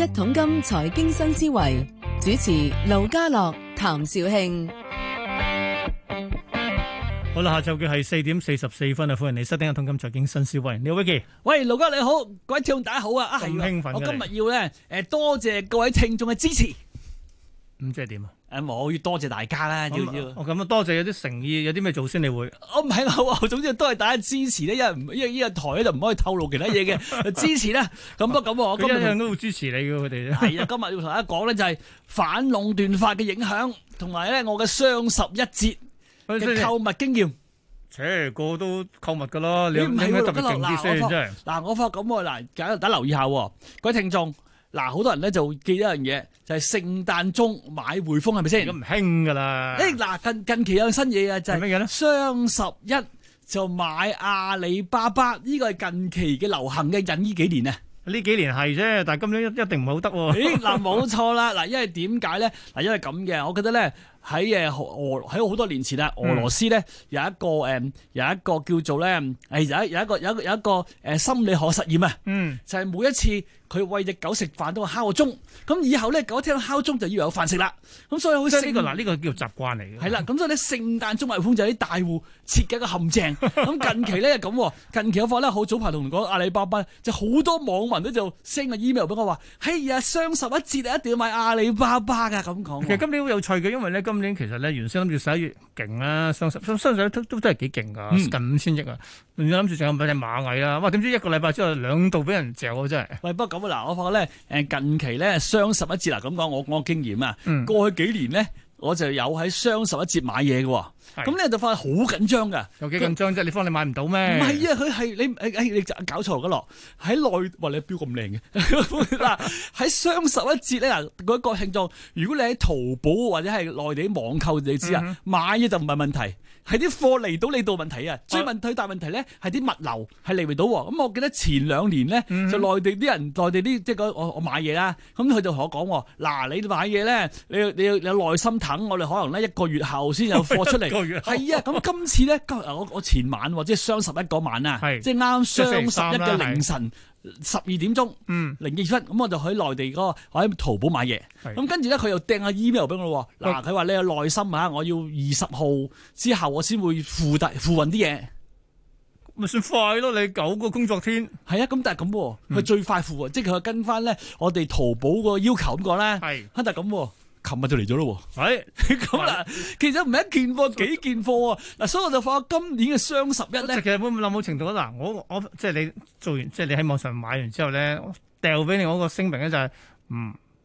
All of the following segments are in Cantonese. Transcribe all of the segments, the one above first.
一桶金財經新思維，主持盧家樂、譚紹興，好啦，下晝嘅係四點四十四分啊！歡迎你收聽一桶金財經新思維。你好，偉記，喂，盧家，你好，各位聽眾大家好啊！咁興奮，係啊，我今日要咧，誒，多謝各位聽眾嘅支持。咁即係點啊？誒，我要多謝大家啦，要要。我咁啊，多謝有啲誠意，有啲咩做先？你會？哦，唔係啊，總之都係大家支持咧，因為呢個台咧就唔可以透露其他嘢嘅。 支持呢？咁不咁，我今日樣都會支持你嘅、 呃啊啊，我哋係啊。今日要同大家講咧，就係反壟斷法嘅影響，同埋咧我嘅雙十一節嘅購物經驗。切，個個都購物噶啦，你唔應該特別勁啲，嗱，我發咁喎，嗱，大家留意一下，各位聽眾。嗱，好多人咧就記得一樣嘢，就係聖誕鐘買匯豐係咪先？咁唔興噶啦！誒，嗱近近期有樣新嘢啊，就係咩嘢咧？雙十一就買阿里巴巴，呢個係近期嘅流行嘅，近呢幾年啊，呢幾年係啫，但係今年一一定唔係好得。誒，嗱，冇錯啦，嗱，因為點解咧？嗱，因為咁嘅，我覺得咧喺誒俄喺好多年前啊，俄羅斯咧有一個誒有一個叫做咧誒有一有一個有一個有一個誒心理學實驗啊，嗯，就係每一次。佢餵隻狗食飯都係敲個鐘，咁以後咧狗聽到敲鐘就以為有飯食啦。咁所以好，即係呢個嗱呢個叫做習慣嚟嘅。係啦，咁所以咧聖誕鐘買滙豐，就喺大戶設計一個陷阱。咁 近期咧咁、哦，近期有發咧好早排同講阿里巴巴就好多網民都就 send 個 email 俾我話，嘿呀，雙十一節啊，一定要買阿里巴巴噶。咁講。其實今年好有趣嘅，因為咧今年其實咧原先諗住十一月。勁啦、啊，雙十一、雙十一都都真係幾勁噶，近五千億啊！你諗住仲有買隻螞蟻啦，哇！點知一個禮拜之後兩度俾人嚼啊！真係，不過咁嗱，我發覺咧，誒，近期咧雙十一節嗱咁講，我我經驗啊、嗯，過去幾年咧我就有喺雙十一節買嘢嘅。咁咧就發好緊張噶，有幾緊張啫？你幫你買唔到咩？唔係啊，佢係你誒你，你搞錯咗咯。喺內話你表咁靚嘅嗱，喺 雙十一節咧嗱，嗰個性狀，如果你喺淘寶或者係內地啲網購，你知啊、嗯，買嘢就唔係問題，係啲貨嚟到你度問題啊。最、嗯、問最大問題咧係啲物流係嚟唔到喎。咁、啊、我記得前兩年咧、嗯、就內地啲人內地啲即係個我我買嘢啦，咁佢就同我講嗱、啊，你買嘢咧，你你你有耐心等，我哋可能咧一個月後先有貨出嚟。 係 啊，咁今次咧，今日我我前晚或者係雙十一嗰晚啊，即係啱雙十一嘅凌晨十二點鐘，零二分，咁我就喺內地嗰個我喺淘寶買嘢，咁跟住咧佢又掟下 email 俾我，嗱，佢話你有耐心吓，我要二十號之後我先會付大付運啲嘢，咪算快咯，你九個工作天，係啊，咁但係咁、啊，佢最快付運、嗯，即係佢跟翻咧我哋淘寶個要求咁講咧，係，但係咁、啊。琴日就嚟咗咯喎，係咁嗱，其實唔係一件貨，幾件貨啊嗱，所以我就發今年嘅雙十一咧，其實會唔會諗到程度嗱，我我即係、就是、你做完，即、就、係、是、你喺網上買完之後咧，掉俾你我個聲明咧就係、是、唔。嗯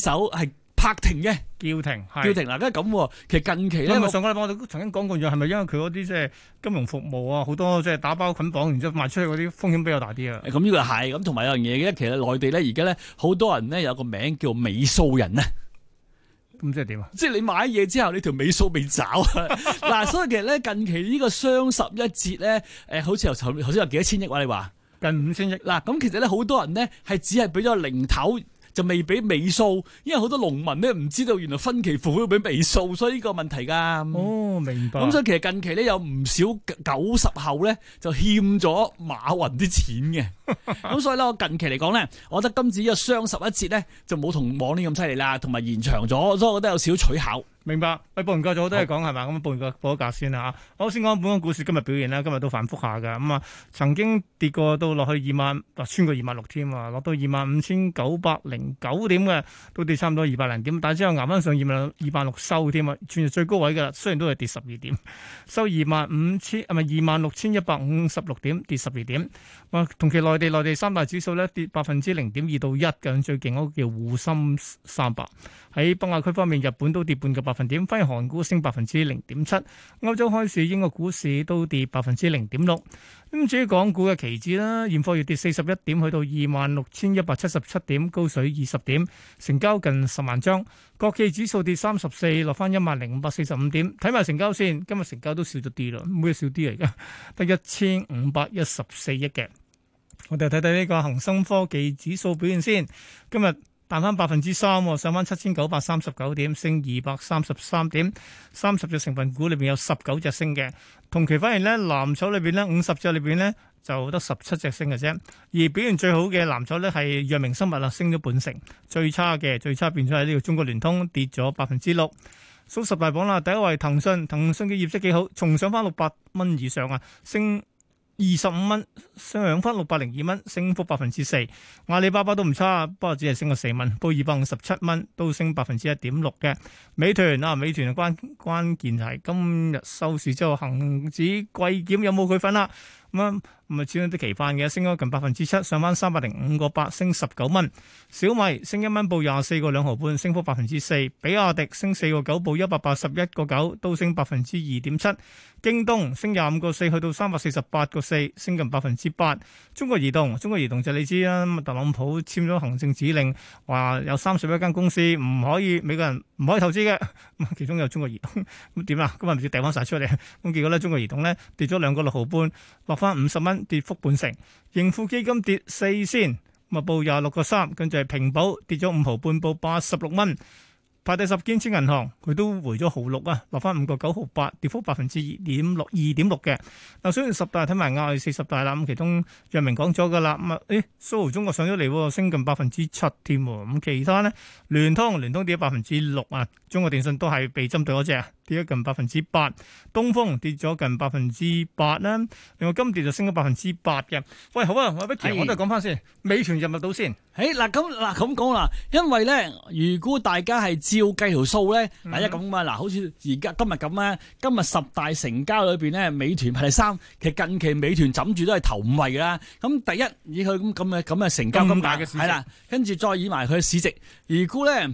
手係拍停嘅，叫停，叫停。嗱，咁其實近期咧，因為上個禮拜我哋曾經講過嘢，係咪因為佢嗰啲即係金融服務啊，好多即係打包捆綁，然之後賣出去嗰啲風險比較大啲啊？咁呢個係，咁同埋有樣嘢嘅，其實內地咧而家咧，好多人咧有個名叫尾數人咧，咁即係點啊？即係你買嘢之後，你條尾數未找啊！嗱， 所以其實咧近期呢個雙十一節咧，誒，好似由頭頭先有幾千億話、啊，你話近五千億嗱，咁其實咧好多人咧係只係俾咗零頭。就未俾尾數，因為好多農民咧唔知道原來分期付款會俾尾數，所以呢個問題㗎。哦，明白。咁所以其實近期咧有唔少九十後咧就欠咗馬雲啲錢嘅。咁 所以咧我近期嚟講咧，我覺得今次呢個雙十一節咧就冇同往年咁犀利啦，同埋延長咗，所以我覺得有少少取巧。明白，喂，報完價咗好多嘢講係嘛？咁啊，報完價報咗價先啦嚇。好，先講本港股市今日表現啦，今日都反覆下㗎。咁、嗯、啊，曾經跌過到落去二萬，話、啊、穿過二萬六添啊，落到二萬五千九百零九點嘅，都跌差唔多二百零點，但係之後巖翻上二萬二萬六收添啊，算最高位㗎啦。雖然都係跌十二點，收二萬五千，唔係二萬六千一百五十六點，跌十二點、啊。同期內地內地三大指數咧跌百分之零點二到 1, 一嘅，最勁嗰個叫滬深三百。喺北亞區方面，日本都跌半個百分點，翻去韓股升百分之零點七，歐洲開市，英國股市都跌百分之零點六。咁至於港股嘅期指啦，現貨要跌四十一點，去到二萬六千一百七十七點，高水二十點，成交近十萬張。國企指數跌三十四，落翻一萬零五百四十五點。睇埋成交先，今日成交都少咗啲啦，每日少啲嚟噶，得一千五百一十四億嘅。我哋睇睇呢個恒生科技指數表現先，今日。彈翻百分之三，上翻七千九百三十九點，升二百三十三點，三十隻成分股裏邊有十九隻升嘅。同期反而咧，藍籌裏邊咧，五十隻裏邊咧，就得十七隻升嘅啫。而表現最好嘅藍籌咧係藥明生物啦，升咗半成。最差嘅，最差變咗係呢個中國聯通，跌咗百分之六。數十大榜啦，第一位騰訊，騰訊嘅業績幾好，重上翻六百蚊以上啊，升。二十五蚊上分六百零二蚊，升幅百分之四。阿里巴巴都唔差，不過只係升個四蚊，到二百五十七蚊，都升百分之一點六嘅。美團啊，美團關關鍵就係今日收市之後，恒指季檢有冇佢份啊？咁唔咪只到啲期板嘅，升咗近百分之七，上翻三百零五個八，升十九蚊。小米升一蚊，報廿四個兩毫半，升幅百分之四。比亞迪升四個九，報一百八十一個九，都升百分之二點七。京東升廿五個四，去到三百四十八個四，升近百分之八。中國移動，中國移動就你知啦，啊特朗普簽咗行政指令，話有三十一間公司唔可以美國人唔可以投資嘅，其中有中國移動，咁點啊？今日唔知掉翻晒出嚟，咁結果咧中國移動咧跌咗兩個六毫半，落。翻五十蚊，跌幅半成。盈富基金跌四仙，咁啊報廿六個三，跟住係平保跌咗五毫半，報八十六蚊。排第十，建設銀行佢都回咗毫六啊，落翻五個九毫八，跌幅百分之二點六二點六嘅。嗱，雖然十大睇埋亞四十大啦，咁其中楊明講咗噶啦，咁啊，誒，搜狐中國上咗嚟，升近百分之七添，咁其他咧，聯通聯通跌百分之六啊，中國電信都係被針對嗰隻。跌咗近百分之八，東風跌咗近百分之八啦，另外金蝶就升咗百分之八嘅。喂，好啊，我俾條我都講翻先說，美團入唔到先？誒、哎，嗱咁嗱咁講嗱，因為咧，如果大家係照計條數咧，嗱、嗯，一咁啊，嗱，好似而家今日咁咧，今日十大成交裏邊咧，美團排第三，其實近期美團枕住都係頭五位啦。咁第一以佢咁咁嘅咁嘅成交咁大嘅市值，跟住再以埋佢嘅市值，如果咧。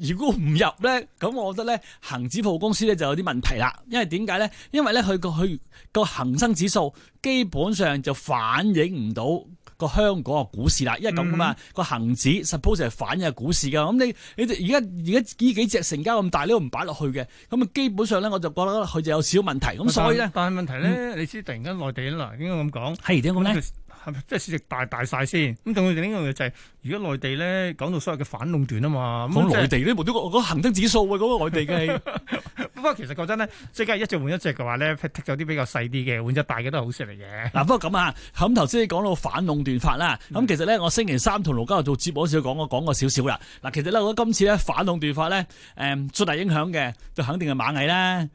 如果唔入咧，咁我覺得咧，恒指服務公司咧就有啲問題啦。因為點解咧？因為咧，佢個去個恆生指數基本上就反映唔到個香港嘅股市啦。因為咁啊嘛，嗯那個恒指 suppose 係反映個股市噶。咁你你而家而家呢幾隻成交咁大，都唔擺落去嘅。咁啊，基本上咧，我就覺得佢就有少少問題。咁所以咧，但係問題咧、嗯，你知突然間內地啦應該咁講係點講咧？即係市值大大晒先，咁仲有另一樣嘢就係，如果內地咧講到所有嘅反壟斷啊嘛，咁內地呢冇啲個嗰個恆生指數啊，嗰、 嗰個內地嘅。 不過其實覺得咧，即係一隻換一隻嘅話咧，剔咗啲比較細啲嘅，換一隻大嘅都係好事嚟嘅。嗱、啊，不過咁啊，咁頭先講到反壟斷法啦，咁其實咧，我星期三同盧嘉露做節目時講，我講過少少啦。嗱，其實咧，我今次咧反壟斷法咧，誒、嗯、最大影響嘅，就肯定係螞蟻啦。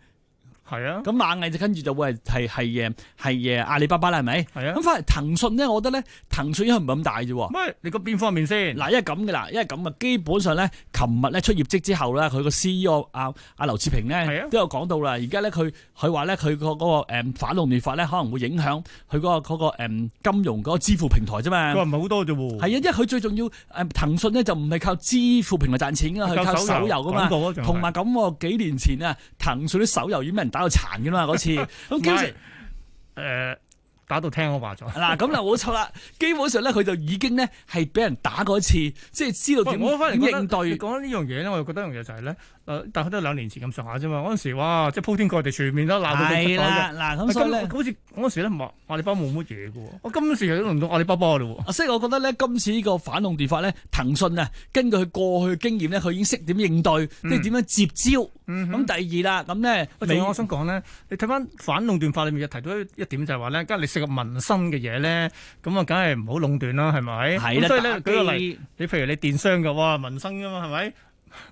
係啊，咁螞蟻就跟住就會係係係誒，阿里巴巴啦，係咪？係啊。咁翻嚟騰訊咧，我覺得咧，騰訊應該唔係咁大啫。喎。你個邊方面先？嗱，因為咁嘅啦，因為咁啊，基本上咧，琴日，咧出業績之後咧，佢個 CEO 阿阿劉熾平咧、啊、都有講到啦。而家咧佢佢話咧，佢個誒反壟斷法咧，可能會影響佢、嗰個、嗰個誒金融嗰個支付平台啫嘛。佢唔係好多啫喎、啊。係啊，因為佢最重要誒，騰訊咧就唔係靠支付平台賺錢噶，佢靠手遊噶嘛。同埋咁，幾年前啊，騰訊啲手遊已經俾人有殘㗎啦嘛 基本上笑、呃？嗰次咁，於是打到聽我話咗嗱，咁嗱冇錯啦。基本上咧，佢就已經咧係俾人打過一次，即係知道點應，應對。講呢樣嘢咧，我又覺得樣嘢就係、是、咧。但、呃、係都係兩年前咁上下啫嘛，嗰陣時哇，即係鋪天蓋地全面啦，鬧到你嘅。啦，嗱，咁咧，所以好似嗰陣時唔話阿里巴巴冇乜嘢嘅喎。我、啊、今時其唔到阿里巴巴咯喎。啊，所以我覺得咧，今次呢個反壟斷法咧，騰訊啊，根據佢過去經驗咧，佢已經識點應對，即係點樣接招。咁、嗯、第二啦，咁咧。啊，仲我想講咧、嗯，你睇翻反壟斷法裏面又提到一點點，就係話咧，梗係涉及民生嘅嘢咧，咁啊，梗係唔好壟斷啦，係咪？係啦。所以舉、那個例，你譬如你電商嘅，哇，民生噶嘛，係咪？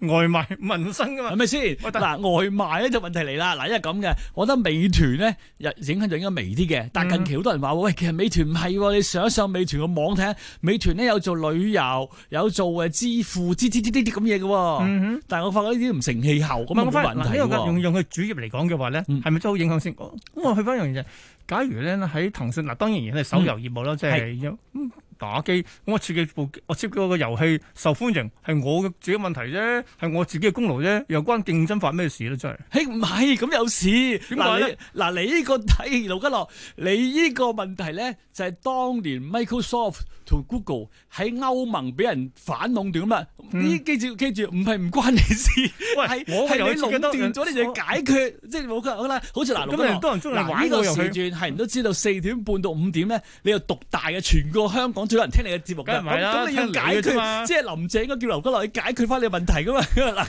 外賣民生噶嘛，係咪先？嗱、哦，外賣咧就問題嚟啦。嗱，因為咁嘅，我覺得美團咧影影響就應該微啲嘅。但近期好多人話、嗯，喂，其實美團唔係，你上一上美團個網睇下，美團咧有做旅遊，有做誒支付，啲啲啲啲啲咁嘢嘅。喎、嗯。」但係我發覺呢啲唔成氣候，咁、嗯、樣冇問題。嗱，用用佢主業嚟講嘅話咧，係咪真好影響先？咁、哦、我去翻樣嘢，假如咧喺騰訊，嗱，當然係手遊業務咯，即、嗯、係。就是是嗯打機，咁我設計部，我設計個遊戲受歡迎，係我嘅自己問題啫，係我嘅自己嘅功勞啫，又關競爭法咩事咧？真、欸、係，嘿唔係咁有事，嗱你嗱你呢個睇盧吉樂，你呢、啊這個、個問題咧就係、是、當年 Microsoft 同 Google 喺歐盟俾人反壟斷吖嘛？呢、嗯、記住記住唔係唔關你事，係係你壟斷咗你就解決，即係冇錯啦。好似嗱，咁又多人中意玩、啊這個時段係人都知道四點半到五點咧，你又獨大嘅全個香港。最有人聽你嘅節目，梗係咪啦？咁你要解決，即係林鄭應該叫劉家樂去解決翻你嘅問題噶嘛？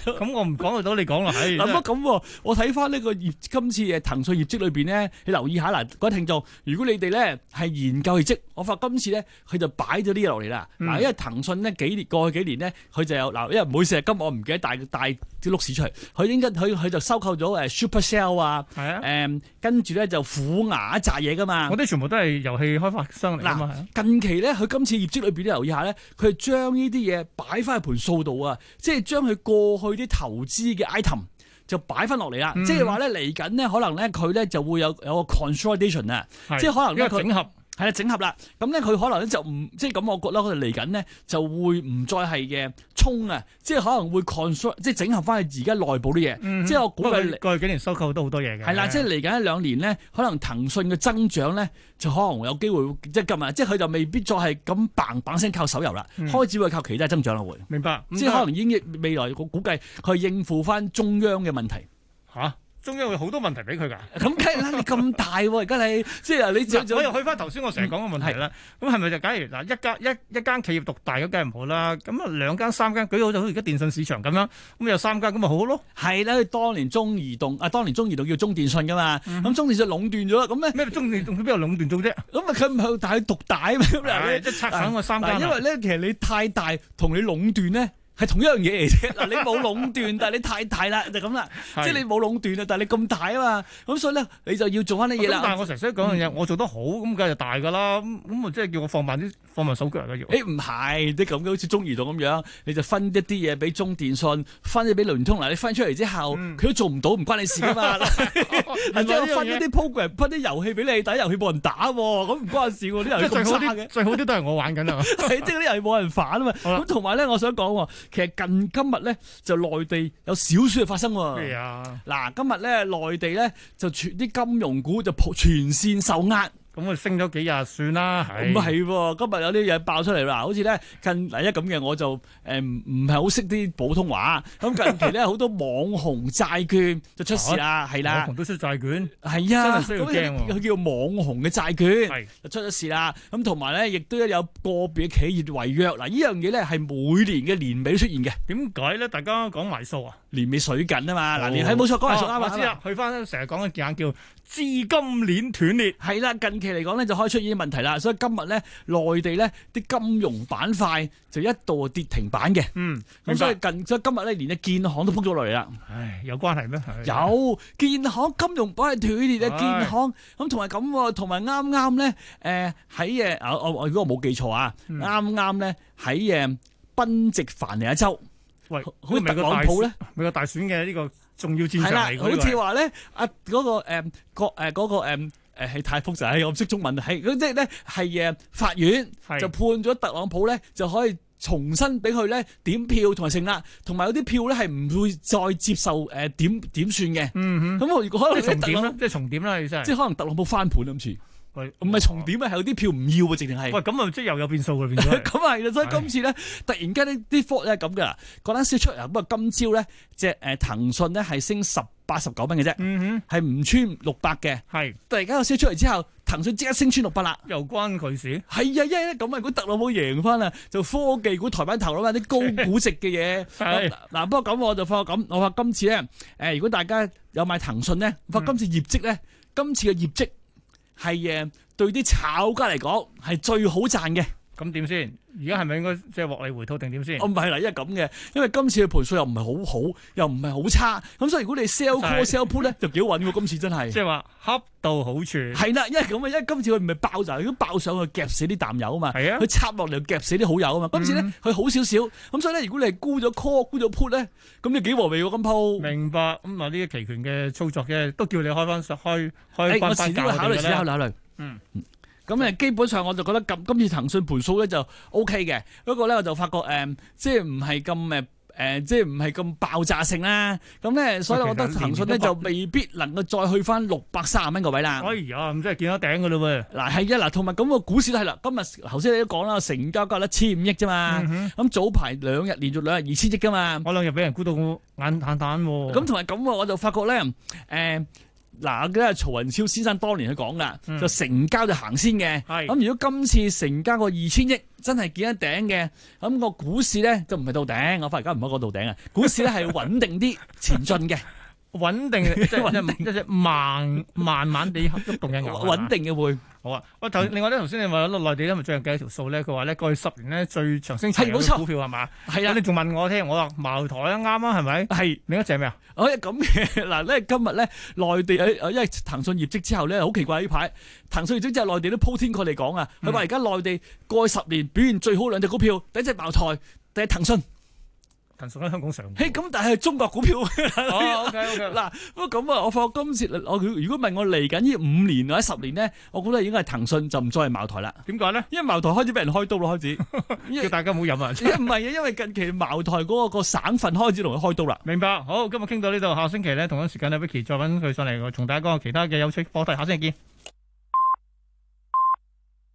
咁我唔講到，你講啦。嗱，咁我睇翻呢個業，今次嘅騰訊業績裏邊咧，你留意下嗱，各位聽眾。如果你哋咧係研究業績，我發今次咧佢就擺咗啲嘢落嚟啦。嗱，因為騰訊咧幾年過去幾年咧，佢就有嗱，因為每成日今日我唔記得帶帶啲碌匙出嚟，佢應該佢佢就收購咗誒 Supercell 啊，誒跟住咧就虎牙一紮嘢噶嘛。嗰啲全部都係遊戲開發商嚟。嗱，近期咧佢。今次業績裏邊都留意一下咧，佢係將呢啲嘢擺翻喺盤數度啊，即係將佢過去啲投資嘅 item 就擺翻落嚟啦。即係話咧，嚟緊咧可能咧佢咧就會有有個 consolidation 啊，即係可能咧佢。係啦，整合啦，咁咧佢可能咧就唔即係咁，我覺得佢哋嚟緊咧就會唔再係嘅衝啊，即係可能會 consolidate 即係整合翻佢而家內部啲嘢，嗯。即係我估嘅，嗯、過去幾年收購都好多嘢嘅。係啦，即係嚟緊一兩年咧，可能騰訊嘅增長咧就可能會有機會即係今日，即係佢就未必再係咁砰砰聲靠手遊啦，嗯，開始會靠其他增長啦會。明白，明白即係可能已經未來我估計佢應付翻中央嘅問題，吓。中央會好多問題俾佢噶，咁梗係啦，你咁大喎、啊，而 家你，即、就、係、是、你又我又去翻頭先我成日講嘅問題啦，咁係咪就假如嗱一間一一間企業獨大咁梗係唔好啦、啊，咁啊兩間三間，舉好就好似而家電信市場咁樣，咁有三間咁咪好咯、啊？係啦，當年中移動啊，當年中移動叫中電信噶嘛，咁、嗯、中電信壟斷咗啦，咁咧咩中電動邊度壟斷到啫？咁啊佢唔係但係獨大啊嘛，即係拆散我三間，因為咧其實你太大同你壟斷咧。係同一樣嘢嚟啫，嗱你冇壟、， 就是就是、壟斷，但係你太大啦，就咁啦，即係你冇壟斷啊，但係你咁大啊嘛，咁所以咧，你就要做翻啲嘢啦。但係我成日想講嘅嘢，我做得好，咁梗係大噶啦，咁咁即係叫我放慢啲，放慢手腳嚟叫，要、欸。唔係，啲咁嘅好似中移動咁樣，你就分一啲嘢俾中電信，分啲俾聯通嗱，你分出嚟之後，佢、嗯、都做唔到，唔關你事啊嘛。即係我分一啲 program，分啲遊戲俾你，但係遊戲冇人打、啊，咁唔關事喎、啊，啲遊戲咁渣嘅。就是、最好啲 都係我玩緊啊！即係啲遊戲冇人反啊嘛。咁同埋咧，我想講喎。其實近今日咧就內地有少事發生喎。咩啊？嗱，今日咧內地咧就全啲金融股就全綫受壓。咁啊，升咗幾日算啦，係喎。今日有啲嘢爆出嚟啦，好似咧近嚟一咁嘅，我就唔係好識啲普通話。咁近期咧好 多網紅債券就出事啦，係、啊、啦，網紅都出債券，係呀、啊，真係佢、那個、叫網紅嘅債券，就出咗事啦。咁同埋咧，亦都有個別企業違約嗱，啊、樣呢樣嘢咧係每年嘅年尾都出現嘅。點解咧？大家講埋數啊！年尾水緊啊嘛，嗱，連喺冇錯，講嚟熟，啱啱先去翻成日講嘅叫資金鏈斷裂，係啦，近期嚟講咧就開出出現啲問題啦，所以今日咧內地咧啲金融板塊就一度跌停板嘅，嗯，咁所以近所以今日咧連嘅建行都撲咗落嚟啦，唉，有關係咩？有建行金融板塊斷裂嘅，建行咁同埋咁，同埋啱啱咧，誒喺誒，我我如果我冇記錯啊，啱啱咧喺誒，賓夕凡尼亞州。喂，好似美國大選嘅呢個重要戰場嚟，好似話咧，阿嗰個誒國誒嗰個誒誒係太複雜，我唔識中文係，咁即係咧係誒法院就判咗特朗普咧就可以重新俾佢咧點票同埋成立，同埋有啲票咧係唔會再接受誒點點算嘅。嗯哼，咁我如果可能重點啦，即係重點啦，即係即係可能特朗普翻盤咁似。唔係重點啊，係有啲票唔要啊，直情係喂咁啊，即係又有變數啦，變咗咁係啦，所以今次咧突然間呢啲貨咧咁噶，嗰單先出啊，咁啊今朝咧即係誒騰訊咧係升十八十九蚊嘅啫，嗯哼，係唔穿六百嘅，係突然間有少出嚟之後，騰訊即刻升穿六百啦，又關佢事係啊，因為咁啊，如果特朗普贏翻啦，就科技股抬翻頭啦嘛，啲高估值嘅嘢係嗱，不過咁我就發覺咁，我發今次咧誒，如果大家有買騰訊咧，發今次業績咧，今次嘅業績。係誒，對啲炒家嚟講係最好賺嘅。咁點先？而家係咪應該即係獲利回吐定點先？哦唔係啦，因為咁嘅，因為今次嘅盤數又唔係好好，又唔係好差，咁所以如果你 sell call sell、就是、put 咧，就幾穩喎。今次真係即係話恰到好處。係啦，因為咁啊，因為今次佢唔係爆就係都爆上去夾死啲淡友啊嘛。係啊，佢插落嚟夾死啲好友啊嘛、嗯。今次咧佢好少少，咁所以咧如果你係沽咗 call 沽咗 put 咧，咁你幾和味喎？咁鋪明白咁啊？呢個期權嘅操作嘅都叫你開翻開開翻考慮考慮。嗯嗯。咁基本上我就覺得今今次騰訊盤數咧就 O K 嘅，不過咧我就發覺、呃、即係唔係咁即係唔係咁爆炸性啦。咁咧，所以我覺得騰訊咧就未必能夠再去返六百三十蚊個位啦。哎呀，咁即係見到頂嘅喇喎！嗱係啦，嗱同埋咁個股市都係啦。今日頭先你都講啦，成交價一千五億啫嘛。咁、嗯、早排兩日連續兩日二千億噶嘛。我兩日俾人估到眼淡淡喎。咁同埋咁我就發覺咧嗱，咁啊，曹云超先生當年去講啦，就、嗯、成交就行先嘅。咁如果今次成交個二千億真係見得頂嘅，咁、個股市咧就唔係到頂。我發而家唔喺個到頂啊，股市咧係穩定啲 前進嘅。穩定，即係即係即慢慢慢地喐動嘅， 穩定嘅會好啊！另外咧，頭、嗯、先你話內地咧，最近計咗條數咧，佢話咧過去十年咧最長升長嘅股票係嘛？係啊！你仲問我聽，我話茅台啊啱啱啊，係咪？係，另一隻係咩啊？哦、嗯，咁嘅嗱咧，今日咧內地因為騰訊業績之後咧，好奇怪呢排騰訊業績之後，內地都鋪天蓋地講啊！佢話而家內地過去十年表現最好兩隻股票，第一隻茅台，第一騰訊。騰訊喺香港上，嘿咁但係中國股票、oh，OK OK 嗱，不過咁啊，我發覺今次我如果問我嚟緊呢五年或者十年咧，我估得應該係騰訊就唔再係茅台啦。點解咧？因為茅台開始俾人開刀啦，開始， 叫大家唔好飲啊！唔係啊，因為近期茅台嗰個省份開始同佢開刀啦。明白。好，今日傾到呢度，下星期咧同一時間啊，Vicky 再揾佢上嚟，我同大家講下其他嘅有趣課題，下星期見。